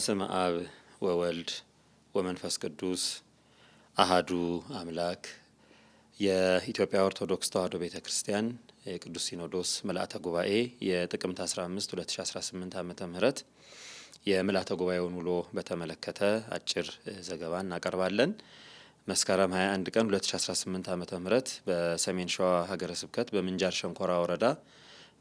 በስመ አብ ወወልድ ወመንፈስ ቅዱስ አሃዱ አምላክ። የኢትዮጵያ ኦርቶዶክስ ተዋሕዶ ቤተ ክርስቲያን የቅዱስ ሲኖዶስ ምልአተ ጉባኤ የጥቅምት 15 2018 ዓ ም የምልአተ ጉባኤውን ውሎ በተመለከተ አጭር ዘገባ እናቀርባለን። መስከረም 21 ቀን 2018 ዓ ም በሰሜን ሸዋ ሀገረ ስብከት በምንጃር ሸንኮራ ወረዳ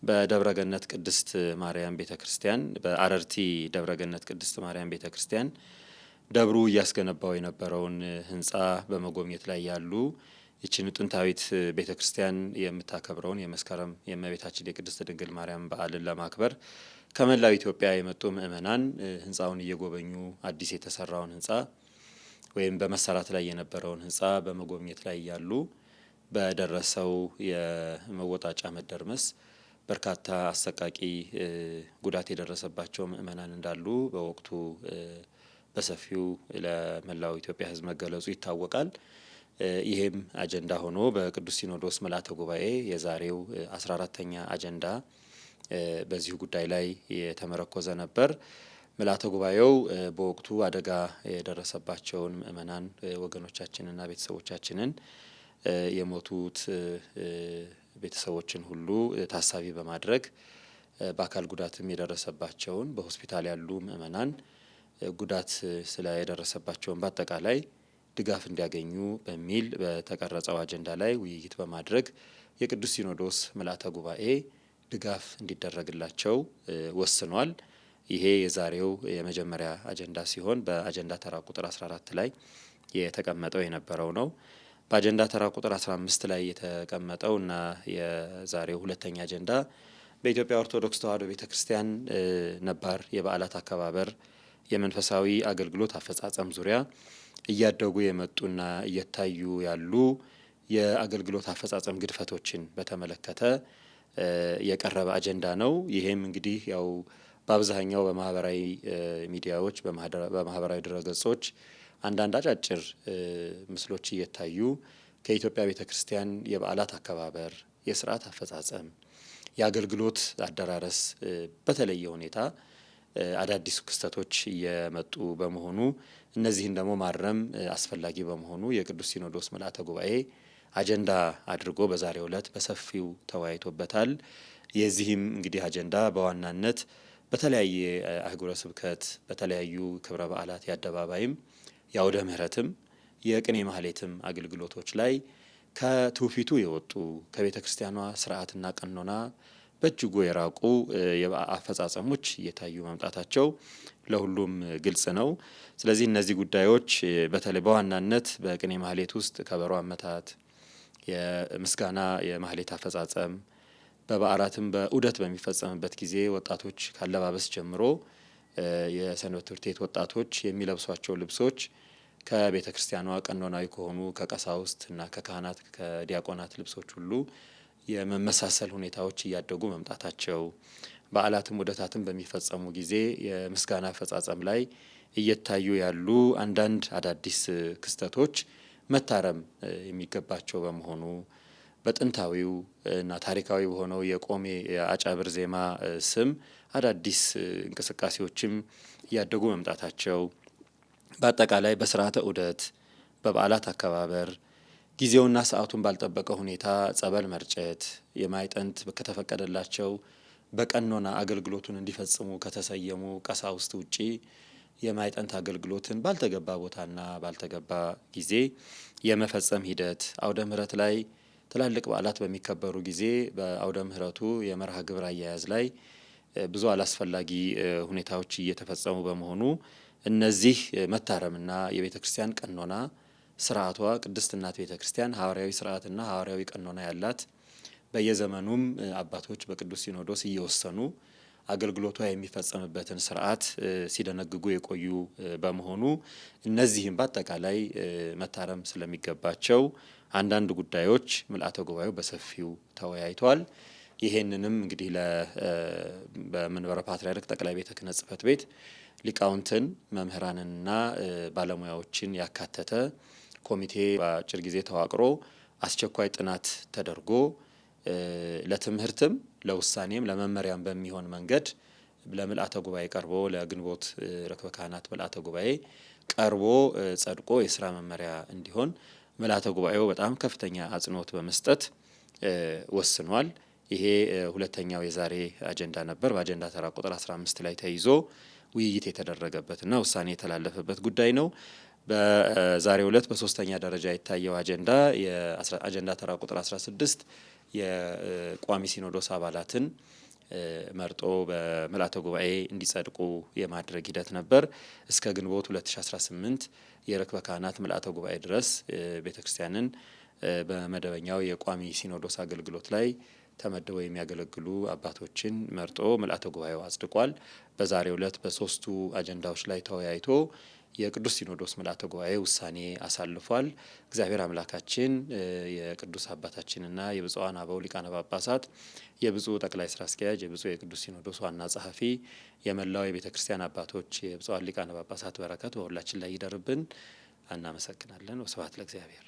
በደብረገነት ቅድስት ማርያም ቤተ ክርስቲያን በአረርቲ ደብረገነት ቅድስት ማርያም ቤተ ክርስቲያን ደብሩ እያስገነባው የነበረውን ህንፃ በመጎብኘት ላይ ያሉ ይችን ጥንታዊት ቤተ ክርስቲያን የምታከብረውን የመስከረም የእመቤታችን የቅድስት ድንግል ማርያም በዓልን ለማክበር ከመላው ኢትዮጵያ የመጡ ምእመናን ህንፃውን እየጎበኙ አዲስ የተሰራውን ህንፃ ወይም በመሰራት ላይ የነበረውን ህንፃ በመጎብኘት ላይ ያሉ በደረሰው የመወጣጫ መደርመስ በርካታ አሰቃቂ ጉዳት የደረሰባቸው ምእመናን እንዳሉ በወቅቱ በሰፊው ለመላው ኢትዮጵያ ሕዝብ መገለጹ ይታወቃል። ይህም አጀንዳ ሆኖ በቅዱስ ሲኖዶስ ምልዓተ ጉባኤ የዛሬው 14ተኛ አጀንዳ በዚሁ ጉዳይ ላይ የተመረኮዘ ነበር። ምልዓተ ጉባኤው በወቅቱ አደጋ የደረሰባቸውን ምዕመናን ወገኖቻችንና ቤተሰቦቻችንን የሞቱት ቤተሰቦችን ሁሉ ታሳቢ በማድረግ በአካል ጉዳትም የደረሰባቸውን በሆስፒታል ያሉ ምእመናን ጉዳት ስለ የደረሰባቸውን በአጠቃላይ ድጋፍ እንዲያገኙ በሚል በተቀረጸው አጀንዳ ላይ ውይይት በማድረግ የቅዱስ ሲኖዶስ ምልአተ ጉባኤ ድጋፍ እንዲደረግላቸው ወስኗል። ይሄ የዛሬው የመጀመሪያ አጀንዳ ሲሆን በአጀንዳ ተራ ቁጥር 14 ላይ የተቀመጠው የነበረው ነው። በአጀንዳ ተራ ቁጥር 15 ላይ የተቀመጠው እና የዛሬው ሁለተኛ አጀንዳ በኢትዮጵያ ኦርቶዶክስ ተዋሕዶ ቤተ ክርስቲያን ነባር የበዓላት አከባበር፣ የመንፈሳዊ አገልግሎት አፈጻጸም ዙሪያ እያደጉ የመጡና እየታዩ ያሉ የአገልግሎት አፈጻጸም ግድፈቶችን በተመለከተ የቀረበ አጀንዳ ነው። ይሄም እንግዲህ ያው በአብዛኛው በማህበራዊ ሚዲያዎች፣ በማህበራዊ ድረገጾች አንዳንድ አጫጭር ምስሎች እየታዩ ከኢትዮጵያ ቤተ ክርስቲያን የበዓላት አከባበር፣ የስርዓት አፈጻጸም፣ የአገልግሎት አደራረስ በተለየ ሁኔታ አዳዲስ ክስተቶች እየመጡ በመሆኑ እነዚህን ደግሞ ማረም አስፈላጊ በመሆኑ የቅዱስ ሲኖዶስ መልአተ ጉባኤ አጀንዳ አድርጎ በዛሬው ዕለት በሰፊው ተወያይቶበታል። የዚህም እንግዲህ አጀንዳ በዋናነት በተለያየ አህጉረ ስብከት በተለያዩ ክብረ በዓላት የአደባባይም የአውደ ምሕረትም የቅኔ ማህሌትም አገልግሎቶች ላይ ከትውፊቱ የወጡ ከቤተ ክርስቲያኗ ስርዓትና ቀኖና በእጅጉ የራቁ አፈጻጸሞች እየታዩ መምጣታቸው ለሁሉም ግልጽ ነው። ስለዚህ እነዚህ ጉዳዮች በተለይ በዋናነት በቅኔ ማህሌት ውስጥ ከበሮ አመታት፣ የምስጋና የማህሌት አፈጻጸም፣ በበዓላትም በዑደት በሚፈጸምበት ጊዜ ወጣቶች ካለባበስ ጀምሮ የሰንበት ትምህርት ቤት ወጣቶች የሚለብሷቸው ልብሶች ከቤተ ክርስቲያኗ ቀኖናዊ ከሆኑ ከቀሳውስት እና ከካህናት ከዲያቆናት ልብሶች ሁሉ የመመሳሰል ሁኔታዎች እያደጉ መምጣታቸው በዓላትም ውደታትም በሚፈጸሙ ጊዜ የምስጋና አፈጻጸም ላይ እየታዩ ያሉ አንዳንድ አዳዲስ ክስተቶች መታረም የሚገባቸው በመሆኑ በጥንታዊው እና ታሪካዊ በሆነው የቆሜ የአጫብር ዜማ ስም አዳዲስ እንቅስቃሴዎችም እያደጉ መምጣታቸው በአጠቃላይ በስርዓተ ዑደት፣ በበዓላት አከባበር ጊዜውና ሰዓቱን ባልጠበቀ ሁኔታ ጸበል መርጨት፣ የማይጠንት ከተፈቀደላቸው በቀኖና አገልግሎቱን እንዲፈጽሙ ከተሰየሙ ቀሳውስት ውጪ የማይጠንት አገልግሎትን ባልተገባ ቦታና ባልተገባ ጊዜ የመፈጸም ሂደት አውደ ምሕረት ላይ ትላልቅ በዓላት በሚከበሩ ጊዜ በአውደ ምሕረቱ የመርሃ ግብር አያያዝ ላይ ብዙ አላስፈላጊ ሁኔታዎች እየተፈጸሙ በመሆኑ እነዚህ መታረምና የቤተ ክርስቲያን ቀኖና ስርዓቷ ቅድስት እናት ቤተ ክርስቲያን ሐዋርያዊ ስርዓትና ሐዋርያዊ ቀኖና ያላት በየዘመኑም አባቶች በቅዱስ ሲኖዶስ እየወሰኑ አገልግሎቷ የሚፈጸምበትን ስርዓት ሲደነግጉ የቆዩ በመሆኑ እነዚህም በአጠቃላይ መታረም ስለሚገባቸው አንዳንድ ጉዳዮች ምልአተ ጉባኤው በሰፊው ተወያይቷል። ይሄንንም እንግዲህ በመንበረ ፓትርያርክ ጠቅላይ ቤተ ክህነት ጽሕፈት ቤት ሊቃውንትን መምህራንንና ባለሙያዎችን ያካተተ ኮሚቴ በአጭር ጊዜ ተዋቅሮ አስቸኳይ ጥናት ተደርጎ ለትምህርትም ለውሳኔም ለመመሪያም በሚሆን መንገድ ለምልአተ ጉባኤ ቀርቦ ለግንቦት ረክበ ካህናት ምልአተ ጉባኤ ቀርቦ ጸድቆ የስራ መመሪያ እንዲሆን ምልአተ ጉባኤው በጣም ከፍተኛ አጽንኦት በመስጠት ወስኗል። ይሄ ሁለተኛው የዛሬ አጀንዳ ነበር። በአጀንዳ ተራ ቁጥር 15 ላይ ተይዞ ውይይት የተደረገበትና ውሳኔ የተላለፈበት ጉዳይ ነው። በዛሬው ዕለት በሶስተኛ ደረጃ የታየው አጀንዳ የአጀንዳ ተራ ቁጥር 16 የቋሚ ሲኖዶስ አባላትን መርጦ በምልአተ ጉባኤ እንዲጸድቁ የማድረግ ሂደት ነበር። እስከ ግንቦት 2018 የርክበ ካህናት ምልአተ ጉባኤ ድረስ ቤተ ክርስቲያንን በመደበኛው የቋሚ ሲኖዶስ አገልግሎት ላይ ተመድበው የሚያገለግሉ አባቶችን መርጦ ምልአተ ጉባኤው አጽድቋል። በዛሬው ዕለት በሶስቱ አጀንዳዎች ላይ ተወያይቶ የቅዱስ ሲኖዶስ ምልዓተ ጉባኤ ውሳኔ አሳልፏል። እግዚአብሔር አምላካችን የቅዱስ አባታችንና የብፁዓን አበው ሊቃነ ጳጳሳት፣ የብፁ ጠቅላይ ስራ አስኪያጅ፣ የብፁ የቅዱስ ሲኖዶስ ዋና ጸሐፊ፣ የመላው የቤተ ክርስቲያን አባቶች የብፁዓን ሊቃነ ጳጳሳት በረከት በሁላችን ላይ ይደርብን። እናመሰግናለን። ወስብሐት ለእግዚአብሔር።